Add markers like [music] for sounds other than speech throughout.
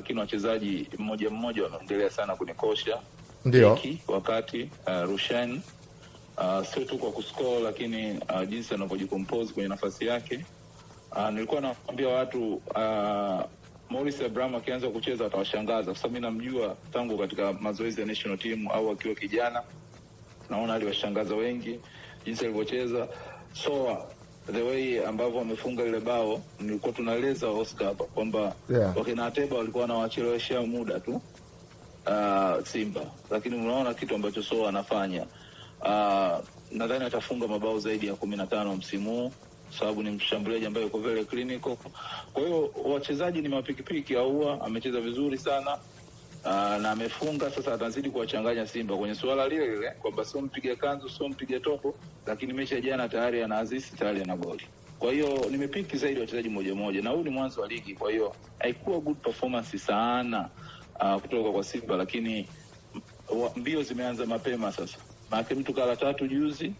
lakini wachezaji mmoja mmoja wameendelea sana kunikosha ndio wakati uh, Rushine uh, sio tu kwa kuscore lakini uh, jinsi anavyojicompose kwenye nafasi yake uh, nilikuwa nawaambia watu uh, Morris Abraham akianza kucheza atawashangaza kwa sababu mimi namjua tangu katika mazoezi ya national team au akiwa kijana, naona aliwashangaza wengi jinsi alivyocheza so the way ambavyo wamefunga ile bao, nilikuwa tunaeleza Oscar hapa kwamba yeah. wakina Ateba walikuwa wanawacheleweshea muda tu uh, Simba, lakini unaona kitu ambacho Soa anafanya uh, nadhani atafunga mabao zaidi ya kumi na tano msimu huu sababu ni mshambuliaji ambaye yuko vile clinical. Kwa hiyo wachezaji ni mapikipiki, aua amecheza vizuri sana Aa, ah, na amefunga sasa, atazidi kuwachanganya Simba kwenye suala lile lile kwamba sio mpige kanzu, sio mpige topo, lakini mechi jana tayari ana assist tayari ana goli. Kwa hiyo nimepiki zaidi wachezaji moja moja, na huu ni mwanzo wa ligi, kwa hiyo haikuwa good performance sana uh, kutoka kwa Simba, lakini mbio zimeanza mapema sasa, maana mtu kala tatu juzi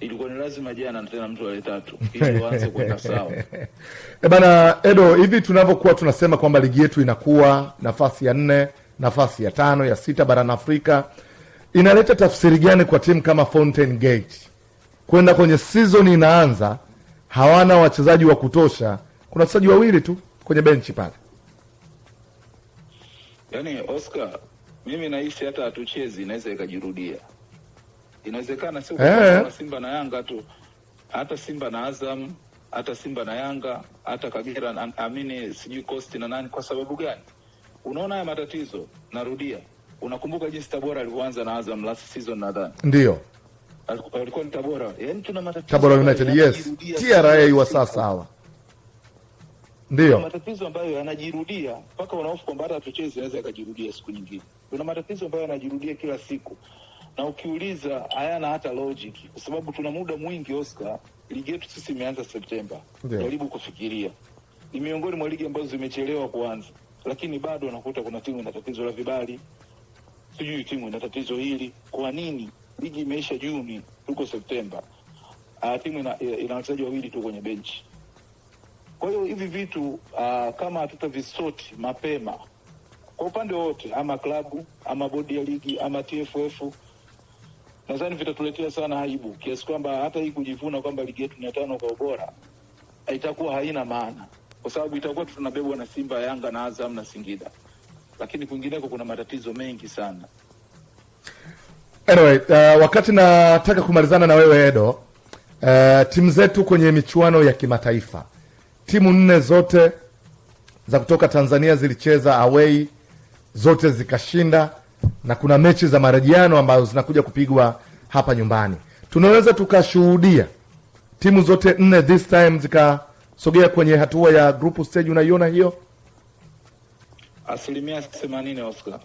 ilikuwa ni lazima jana tena mtu wale tatu ili waanze kwenda sawa. [laughs] E bana Edo, hivi tunavyokuwa tunasema kwamba ligi yetu inakuwa nafasi ya nne nafasi ya tano ya sita barani Afrika, inaleta tafsiri gani kwa timu kama Fountain Gate kwenda kwenye sizoni inaanza, hawana wachezaji wa kutosha, kuna wachezaji wawili tu kwenye benchi pale. Yani Oscar, mimi nahisi hata hatuchezi, inaweza ikajirudia, inawezekana si hey. Eh. Simba na Yanga tu, hata Simba na Azam, hata Simba na Yanga, hata Kagera, amini sijui Coast na nani. Kwa sababu gani? Unaona haya matatizo, narudia, unakumbuka jinsi Tabora alivyoanza na Azam last season, nadhani ndio alikuwa ni Tabora, yani tuna matatizo Tabora United, yes, TRA wa sasa hawa ndio matatizo ambayo yanajirudia mpaka unahofu kwamba hata tucheze inaweza yakajirudia siku nyingine. Tuna matatizo ambayo yanajirudia kila siku, na ukiuliza hayana hata logic, kwa sababu tuna muda mwingi. Oscar, ligi yetu sisi imeanza Septemba, jaribu kufikiria, ni miongoni mwa ligi ambazo zimechelewa kuanza lakini bado unakuta kuna timu ina tatizo la vibali, sijui timu ina tatizo hili. Kwa nini? Ligi imeisha Juni, tuko Septemba, ah, timu ina, eh, ina wachezaji wawili tu kwenye benchi. Kwa hiyo hivi vitu uh, kama hatutavisoti mapema kwa upande wote, ama klabu ama bodi ya ligi ama TFF, nadhani vitatuletea sana aibu kiasi kwamba hata hii kujivuna kwamba ligi yetu ni ya tano kwa ubora itakuwa haina maana kwa sababu itakuwa tunabebwa na Simba, Yanga na Azam na Singida, lakini kwingineko kuna matatizo mengi sana. Anyway, uh, wakati nataka kumalizana na wewe Edo, uh, timu zetu kwenye michuano ya kimataifa, timu nne zote za kutoka Tanzania zilicheza away zote zikashinda, na kuna mechi za marejiano ambazo zinakuja kupigwa hapa nyumbani. Tunaweza tukashuhudia timu zote nne this time zika Sogea kwenye hatua ya group stage, unaiona hiyo asilimia themanini Oscar,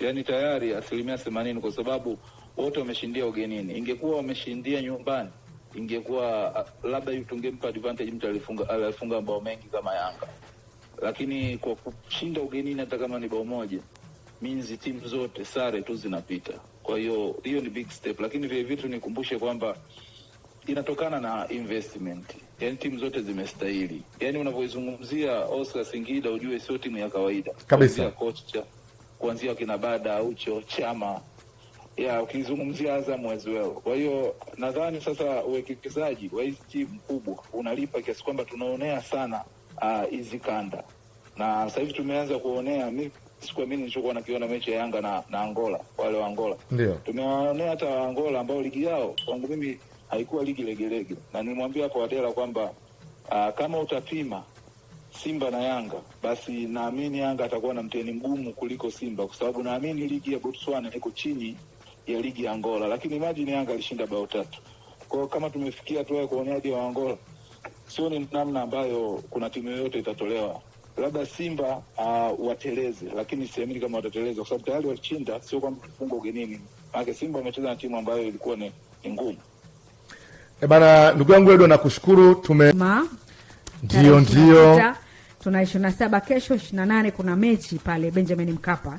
yaani tayari asilimia themanini kwa sababu wote wameshindia ugenini. Ingekuwa wameshindia nyumbani, ingekuwa uh, labda tungempa advantage mtu alifunga mabao mengi kama Yanga, lakini kwa kushinda ugenini hata kama ni bao moja minzi timu zote sare tu zinapita. Kwa hiyo hiyo ni big step, lakini vitu nikumbushe kwamba inatokana na investment. Yani timu zote zimestahili, yani unavyoizungumzia Oscar Singida ujue sio timu ya kawaida kabisa, kocha kuanzia kina Bada Ucho Chama ya ukizungumzia Azam as well. Kwa hiyo nadhani sasa uwekezaji wa hizi timu kubwa unalipa kiasi kwamba tunaonea sana ah, hizi uh, kanda na sasa hivi tumeanza kuonea. Mi sikuamini nilichokuwa nakiona mechi ya Yanga na, na Angola, wale wa Angola ndio tumewaonea hata Angola ambao ligi yao kwangu mimi haikuwa ligi legelege, na nilimwambia kwa Adela kwamba uh, kama utapima Simba na Yanga basi naamini Yanga atakuwa na mtihani mgumu kuliko Simba, kwa sababu naamini ligi ya Botswana iko chini ya ligi ya Angola, lakini imagine Yanga alishinda bao tatu. kwao. kama tumefikia tu kwa uoneaji wa Angola, sio ni namna ambayo kuna timu yoyote itatolewa. Labda Simba uh, wateleze, lakini siamini kama watateleza, kwa sababu tayari walishinda, sio kwamba kufungwa ugenini. Maana Simba wamecheza na timu ambayo ilikuwa ni ngumu. E bana, ndugu yangu Edo, nakushukuru tume Ma, ndio ndio tuna ishirini na saba kesho ishirini na nane kuna mechi pale Benjamin Mkapa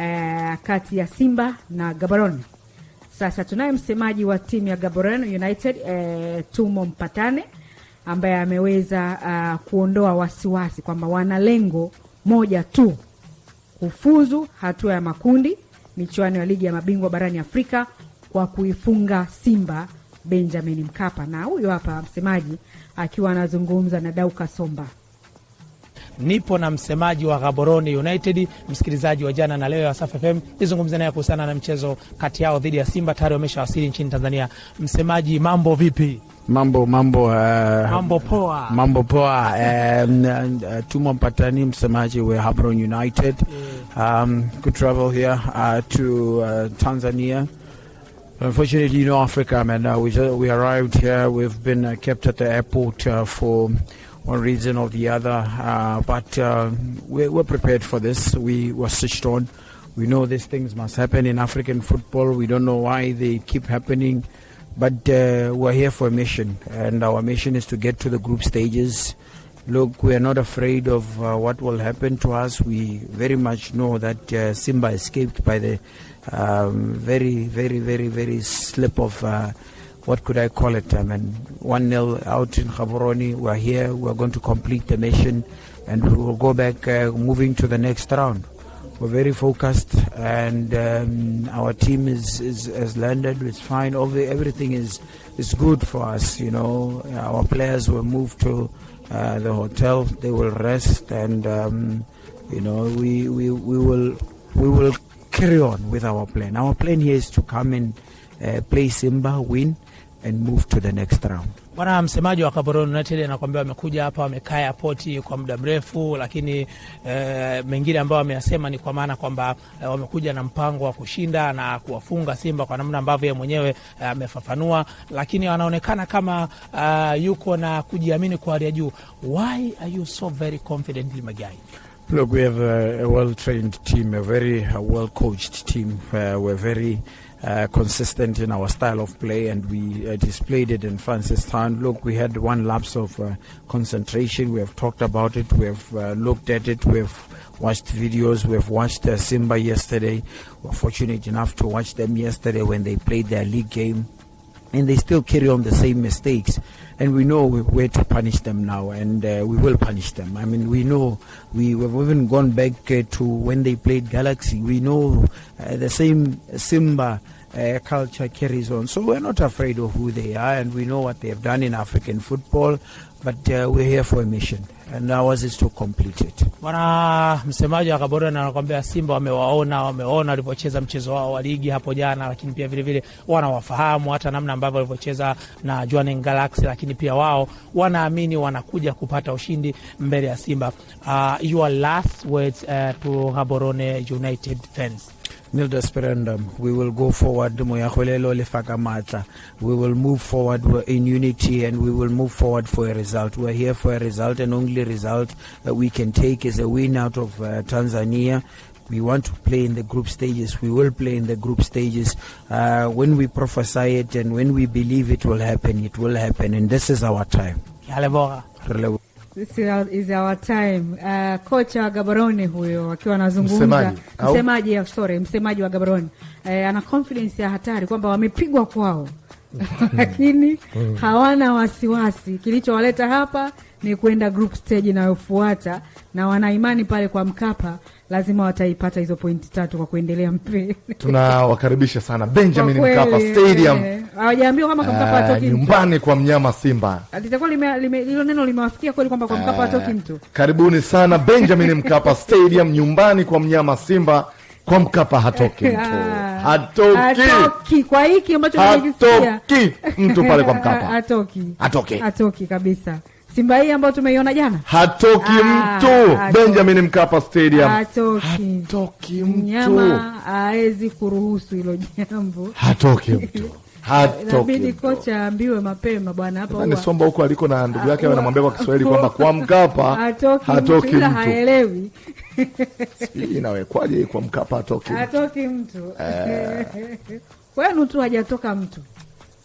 eh, kati ya Simba na Gaborone. Sasa tunaye msemaji wa timu ya Gaborone United eh, Tumo Mpatane ambaye ameweza uh, kuondoa wasiwasi kwamba wana lengo moja tu, kufuzu hatua ya makundi michuano ya ligi ya mabingwa barani Afrika kwa kuifunga Simba Benjamin Mkapa, na huyo hapa msemaji akiwa anazungumza na Dau Kasomba. Nipo na msemaji wa Gaboroni United, msikilizaji wa jana na leo ya Wasafi FM, nizungumze naye kuhusiana na mchezo kati yao dhidi ya Simba. Tayari wameshawasili nchini Tanzania. Msemaji, mambo vipi? Mambo mambo, uh, mambo poa, mambo poa. um, uh, tumo mpatani, msemaji wa Gaborone United um, to travel here uh, to uh, Tanzania Unfortunately, you know, Africa, I man, uh, we, we arrived here, we've been uh, kept at the airport uh, for one reason or the other, uh, but uh, we're, we're, prepared for this. We were switched on. We know these things must happen in African football. We don't know why they keep happening, but we're here for a mission, and our mission is to get to the group stages Look, we are not afraid of uh, what will happen to us. We very much know that uh, Simba escaped by the um, very, very, very, very slip of uh, what could I call it? I mean, 1 0 out in Khaburoni. We're here. We're going to complete the mission and we will go back uh, moving to the next round. We're very focused and um, our team is, is has landed. It's fine. Everything is, is good for us. You know, our players were moved to. Uh, the hotel. They will rest, and um, you know, we, we we will we will carry on with our plan. Our plan here is to come and uh, play Simba, win and move to the next round. Bwana msemaji wa Gaborone United anakuambia wamekuja hapa wamekaa yapoti kwa muda mrefu, lakini e, mengine ambayo wameyasema ni kwa maana kwamba e, wamekuja na mpango wa kushinda na kuwafunga Simba kwa namna ambavyo yeye mwenyewe eh, amefafanua, lakini wanaonekana kama a, yuko na kujiamini kwa hali ya juu. Why are you so very confident Magai? Look, we have a, a well-trained team, a very well-coached team. Uh, we're very Uh, consistent in our style of play, and we uh, displayed it in Francistown. Look, we had one lapse of uh, concentration. We have talked about it. We have uh, looked at it. We have watched videos. We have watched uh, Simba yesterday. We were fortunate enough to watch them yesterday when they played their league game and they still carry on the same mistakes. And we know where to punish them now, and uh, we will punish them. I mean, we know we have even gone back uh, to when they played Galaxy. We know uh, the same Simba uh, culture carries on. So we're not afraid of who they are, and we know what they have done in African football, but uh, we're here for a mission. Bwana msemaji wa Gaborone anakwambia Simba wamewaona, wameona walivyocheza mchezo wao wa ligi hapo jana, lakini pia vilevile wanawafahamu hata namna ambavyo walivyocheza na Jwaneng Galaxy, lakini pia wao wanaamini wanakuja kupata ushindi mbele ya Simba. Uh, your last words, uh, to Gaborone United fans. nil desperandum. We will go forward. We will move forward in unity and we will move forward for a result. We're here for a result and only result that we can take is a win out of uh, Tanzania. We want to play in the group stages. We will play in the group stages. Uh, when we prophesy it and when we believe it will happen, it will happen. And this is our time. is our time. Uh, kocha wa Gaborone huyo akiwa anazungumza, msemaji sorry, msemaji wa Gaborone uh, ana confidence ya hatari kwamba wamepigwa kwao Mm. lakini mm. hawana wasiwasi. Kilichowaleta hapa ni kwenda group stage inayofuata, na wanaimani pale kwa Mkapa lazima wataipata hizo pointi tatu kwa kuendelea mbele. Tunawakaribisha sana Benjamin Mkapa Stadium. Hawajaambiwa kama kwa Mkapa ah, atoki mtu. Nyumbani kwa mnyama Simba. Litakuwa hilo neno limewafikia kweli kwamba kwa Mkapa ah, atoki mtu. Karibuni sana Benjamin Mkapa Stadium, nyumbani kwa mnyama Simba kwa Mkapa hatoki [laughs] ah, mtu, hatoki hatoki kwa hiki ambacho hatoki mtu pale kwa Mkapa [laughs] hatoki, hatoki, hatoki kabisa. Simba hii ambayo tumeiona jana hatoki ah, mtu, Benjamin Mkapa Stadium hatoki, hatoki mtu, mnyama hawezi kuruhusu hilo jambo, hatoki mtu. [laughs] inabidi kocha aambiwe mapema bwana, hapa ni Somba huko aliko na ndugu yake anamwambia kwa Kiswahili kwamba kwa Mkapa [laughs] hatoki mtu, haelewi inawekwaje kwa Mkapa hatoki hatoki mtu eh. [laughs] kwenu tu hajatoka mtu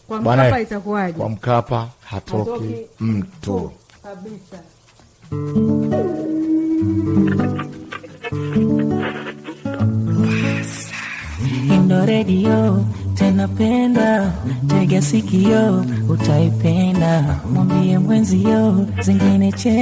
kwa Mkapa itakuwaje? Kwa Mkapa hatoki, hatoki mtu kabisa napenda tega sikio, utaipenda, mwambie mwenzio zingine chena